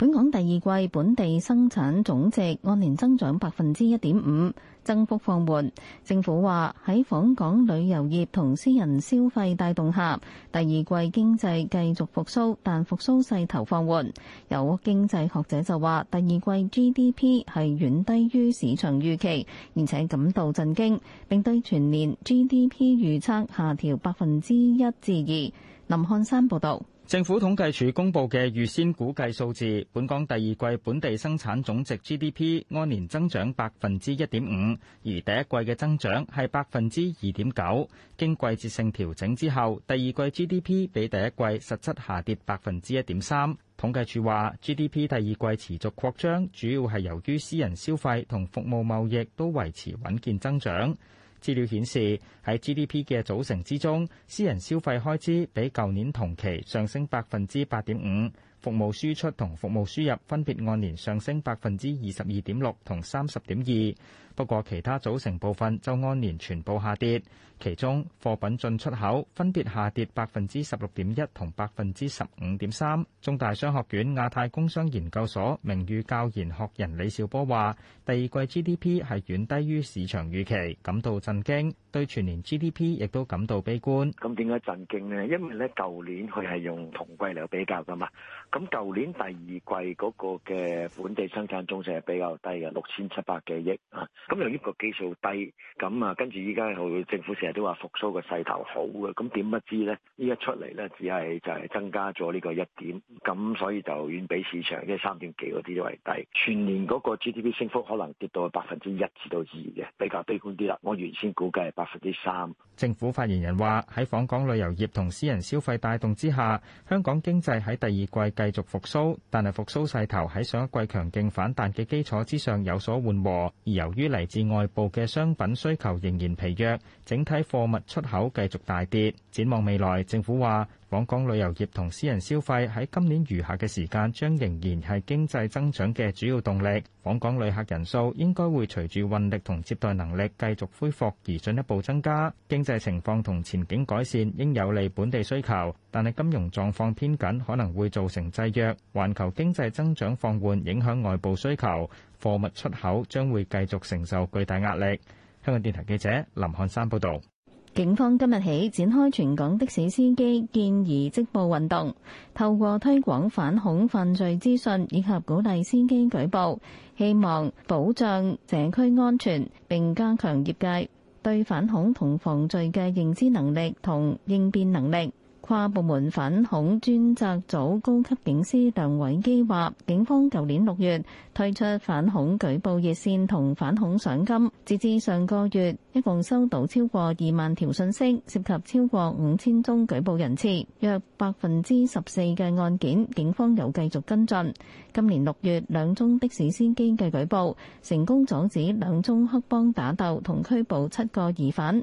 本港第二季本地生產總值按年增長百分之一點五，增幅放緩，政府話喺訪港旅遊業同私人消費帶動下，第二季經濟繼續復蘇，但復蘇勢頭放緩，有經濟學者就話第二季 GDP 係遠低於市場預期，而且感到震驚，並對全年 GDP 預測下調百分之一至二。林漢山報道。政府統計處公布嘅預先估計數字，本港第二季本地生產總值 GDP 按年增長百分之一點五，而第一季嘅增長係百分之二點九。經季節性調整之後，第二季 GDP 比第一季實質下跌百分之一點三。統計處話，GDP 第二季持續擴張，主要係由於私人消費同服務貿易都維持穩健增長。資料顯示，喺 GDP 嘅組成之中，私人消費開支比舊年同期上升百分之八點五，服務輸出同服務輸入分別按年上升百分之二十二點六同三十點二。不過，其他組成部分就按年全部下跌，其中貨品進出口分別下跌百分之十六點一同百分之十五點三。中大商學院亞太工商研究所名譽教研學人李兆波話：第二季 GDP 係遠低於市場預期，感到震驚，對全年 GDP 亦都感到悲觀。咁點解震驚呢？因為咧舊年佢係用同季嚟比較噶嘛，咁舊年第二季嗰個嘅本地生產總值係比較低嘅，六千七百幾億啊。咁由於個基數低，咁啊跟住依家佢政府成日都話復甦個勢頭好嘅，咁點不知呢？依一出嚟呢，只係就係增加咗呢個一點，咁所以就遠比市場即係三點幾嗰啲都係低。全年嗰個 GDP 升幅可能跌到百分之一至到二嘅，比較悲觀啲啦。我原先估計係百分之三。政府發言人話：喺訪港旅遊業同私人消費帶動之下，香港經濟喺第二季繼續復甦，但係復甦勢頭喺上一季強勁反彈嘅基礎之上有所緩和，而由於嚟嚟自外部嘅商品需求仍然疲弱，整體貨物出口繼續大跌。展望未來，政府話。訪港旅遊業同私人消費喺今年餘下嘅時間將仍然係經濟增長嘅主要動力。訪港旅客人數應該會隨住運力同接待能力繼續恢復而進一步增加。經濟情況同前景改善應有利本地需求，但係金融狀況偏緊可能會造成制約。環球經濟增長放緩影響外部需求，貨物出口將會繼續承受巨大壓力。香港電台記者林漢山報道。警方今日起展開全港的士司機見義即報運動，透過推廣反恐犯罪資訊，以及鼓勵司機舉報，希望保障社區安全，並加強業界對反恐同防罪嘅認知能力同應變能力。跨部門反恐專責組高級警司梁偉基話，警方舊年六月推出反恐舉報熱線同反恐賞金，截至上個月，一共收到超過二萬條信息，涉及超過五千宗舉報人次，約百分之十四嘅案件，警方又繼續跟進。今年六月，兩宗的士司機嘅舉報，成功阻止兩宗黑幫打鬥同拘捕七個疑犯。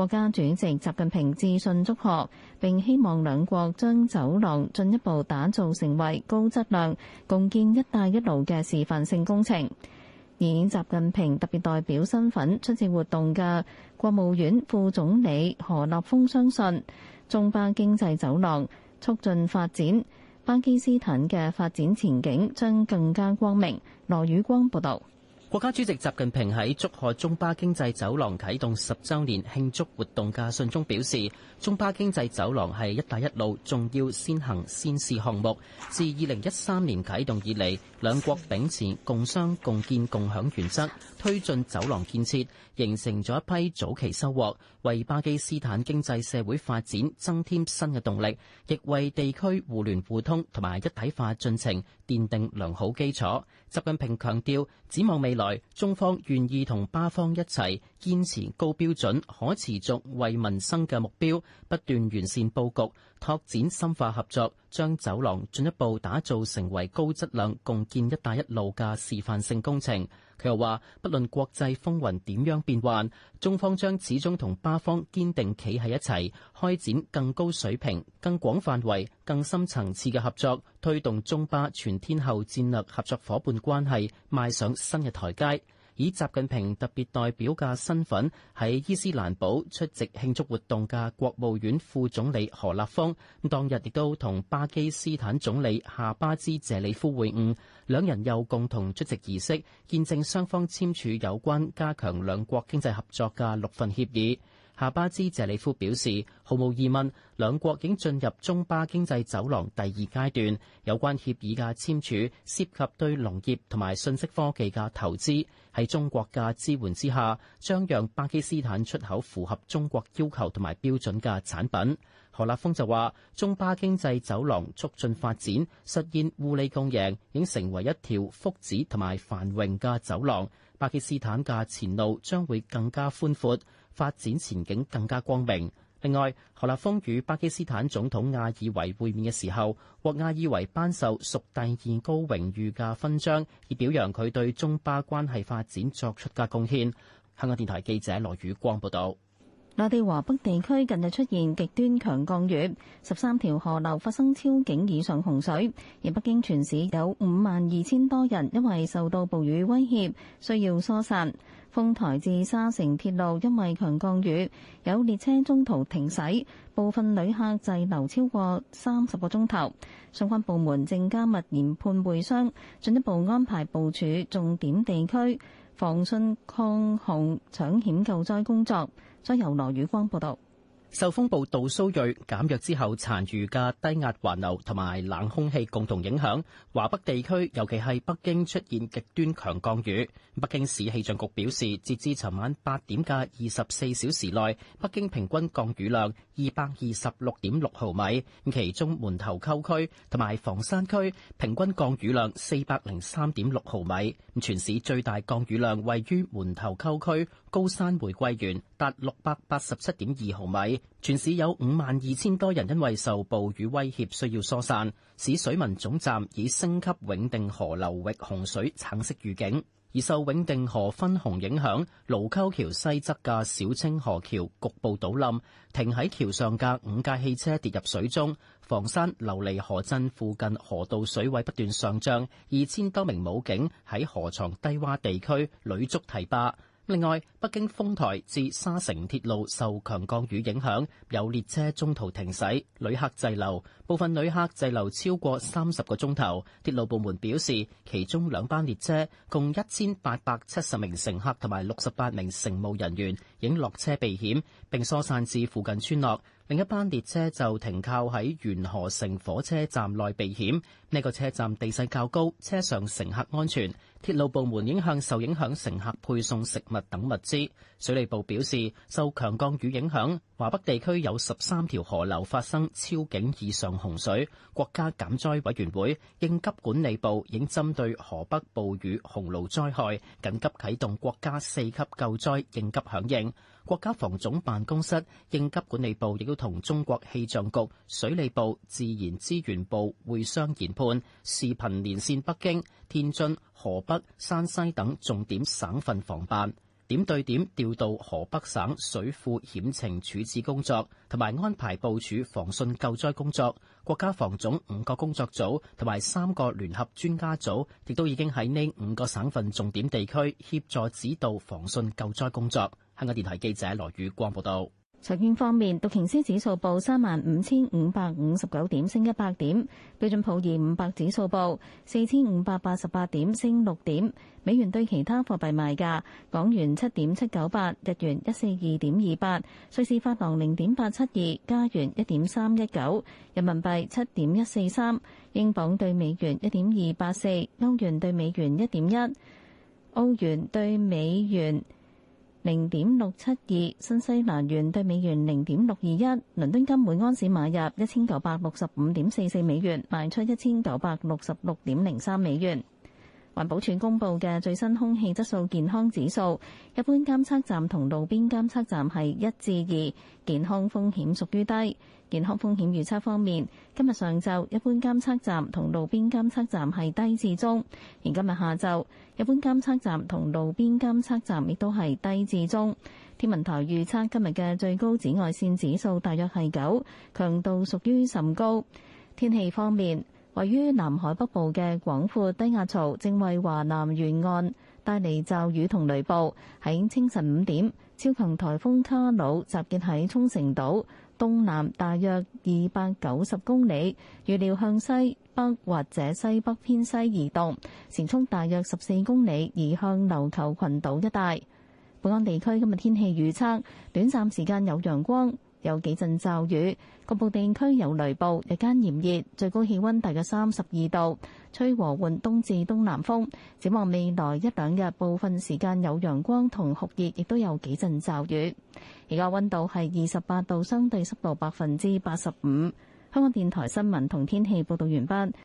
國家主席習近平致信祝賀，並希望兩國將走廊進一步打造成為高質量共建“一帶一路”嘅示範性工程。以習近平特別代表身份出席活動嘅國務院副總理何立峰相信，中巴經濟走廊促進發展，巴基斯坦嘅發展前景將更加光明。羅宇光報道。國家主席習近平喺祝賀中巴經濟走廊啟動十週年慶祝活動嘅信中表示，中巴經濟走廊係「一帶一路」重要先行先試項目。自二零一三年啟動以嚟，兩國秉持共商共建共享原則，推進走廊建設，形成咗一批早期收穫，為巴基斯坦經濟社會發展增添新嘅動力，亦為地區互聯互通同埋一體化進程奠定良好基礎。習近平強調，展望未來，中方願意同巴方一齊，堅持高標準、可持續、惠民生嘅目標，不斷完善布局，拓展深化合作，將走廊進一步打造成為高質量共建“一帶一路”嘅示範性工程。佢又話：不論國際風雲點樣變幻，中方將始終同巴方堅定企喺一齊，開展更高水平、更廣範圍、更深層次嘅合作，推動中巴全天候戰略合作伙伴關係邁上新嘅台階。以習近平特別代表嘅身份喺伊斯蘭堡出席慶祝活動嘅國務院副總理何立峰，當日亦都同巴基斯坦總理夏巴茲謝里夫會晤，兩人又共同出席儀式，見證雙方簽署有關加強兩國經濟合作嘅六份協議。夏巴茲謝里夫表示，毫無疑問，兩國已經進入中巴經濟走廊第二階段。有關協議嘅簽署涉及對農業同埋信息科技嘅投資，喺中國嘅支援之下，將讓巴基斯坦出口符合中國要求同埋標準嘅產品。何立峰就話：中巴經濟走廊促進發展，實現互利共贏，已經成為一條福祉同埋繁榮嘅走廊。巴基斯坦嘅前路將會更加寬闊，發展前景更加光明。另外，何立峰與巴基斯坦總統阿爾維會面嘅時候，獲阿爾維頒授屬第二高榮譽嘅勳章，以表揚佢對中巴關係發展作出嘅貢獻。香港電台記者羅宇光報道。內地華北地區近日出現極端強降雨，十三條河流發生超警以上洪水，而北京全市有五萬二千多人因為受到暴雨威脅需要疏散。豐台至沙城鐵路因為強降雨，有列車中途停駛，部分旅客滯留超過三十個鐘頭。相關部門正加密研判會商，進一步安排部署重點地區。防汛抗洪搶險救災工作，再由羅宇光報道。受風暴杜蘇芮減弱之後殘餘嘅低壓環流同埋冷空氣共同影響，華北地區尤其係北京出現極端強降雨。北京市氣象局表示，截至尋晚八點嘅二十四小時內，北京平均降雨量二百二十六點六毫米，其中門頭溝區同埋房山區平均降雨量四百零三點六毫米。全市最大降雨量位於門頭溝區高山玫瑰園，達六百八十七點二毫米。全市有五萬二千多人因為受暴雨威脅需要疏散，市水文總站已升級永定河流域洪水橙色預警，而受永定河分洪影響，盧溝橋西側嘅小清河橋局部倒冧，停喺橋上嘅五架汽車跌入水中。房山琉璃河鎮附近河道水位不斷上漲，二千多名武警喺河床低洼地區壘築堤壩。另外，北京豐台至沙城鐵路受強降雨影響，有列車中途停駛，旅客滯留，部分旅客滯留超過三十個鐘頭。鐵路部門表示，其中兩班列車共一千八百七十名乘客同埋六十八名乘務人員，已經落車避險並疏散至附近村落。另一班列車就停靠喺沿河城火車站內避險，呢個車站地勢較高，車上乘客安全。鐵路部門應向受影響乘客配送食物等物資。水利部表示，受強降雨影響，華北地區有十三條河流發生超警以上洪水，國家減災委員會應急管理部已針對河北暴雨洪澇災害緊急啟動國家四級救災應急響應，國家防總辦公室應急管理部亦都同中國氣象局、水利部、自然資源部會商研判，視頻連線北京、天津、河北、山西等重點省份防辦。點對點調度河北省水庫險情處置工作，同埋安排部署防汛救災工作。國家防總五個工作組同埋三個聯合專家組，亦都已經喺呢五個省份重點地區協助指導防汛救災工作。香港電台記者羅宇光報道。財經方面，道瓊斯指數報三萬五千五百五十九點，升一百點；標準普爾五百指數報四千五百八十八點，升六點。美元對其他貨幣賣價，港元七點七九八，日元一四二點二八，瑞士法郎零點八七二，加元一點三一九，人民幣七點一四三，英鎊對美元一點二八四，歐元對美元一點一，澳元對美元。零點六七二，2, 新西蘭元對美元零點六二一，倫敦金每安士買入一千九百六十五點四四美元，賣出一千九百六十六點零三美元。環保署公佈嘅最新空氣質素健康指數，一般監測站同路邊監測站係一至二，健康風險屬於低。健康風險預測方面，今日上晝一般監測站同路邊監測站係低至中，而今日下晝，一般監測站同路邊監測站亦都係低至中。天文台預測今日嘅最高紫外線指數大約係九，強度屬於甚高。天氣方面，位於南海北部嘅廣闊低壓槽正為華南沿岸帶嚟驟雨同雷暴。喺清晨五點，超強台風卡努集結喺沖繩島東南大約二百九十公里，預料向西北或者西北偏西移動，前衝大約十四公里，移向琉球群島一帶。本港地區今日天氣預測，短暫時間有陽光。有幾陣驟雨，局部地區有雷暴，日間炎熱，最高氣溫大概三十二度，吹和緩東至東南風。展望未來一兩日，部分時間有陽光同酷熱，亦都有幾陣驟雨。而家溫度係二十八度，相對濕度百分之八十五。香港電台新聞同天氣報導完畢。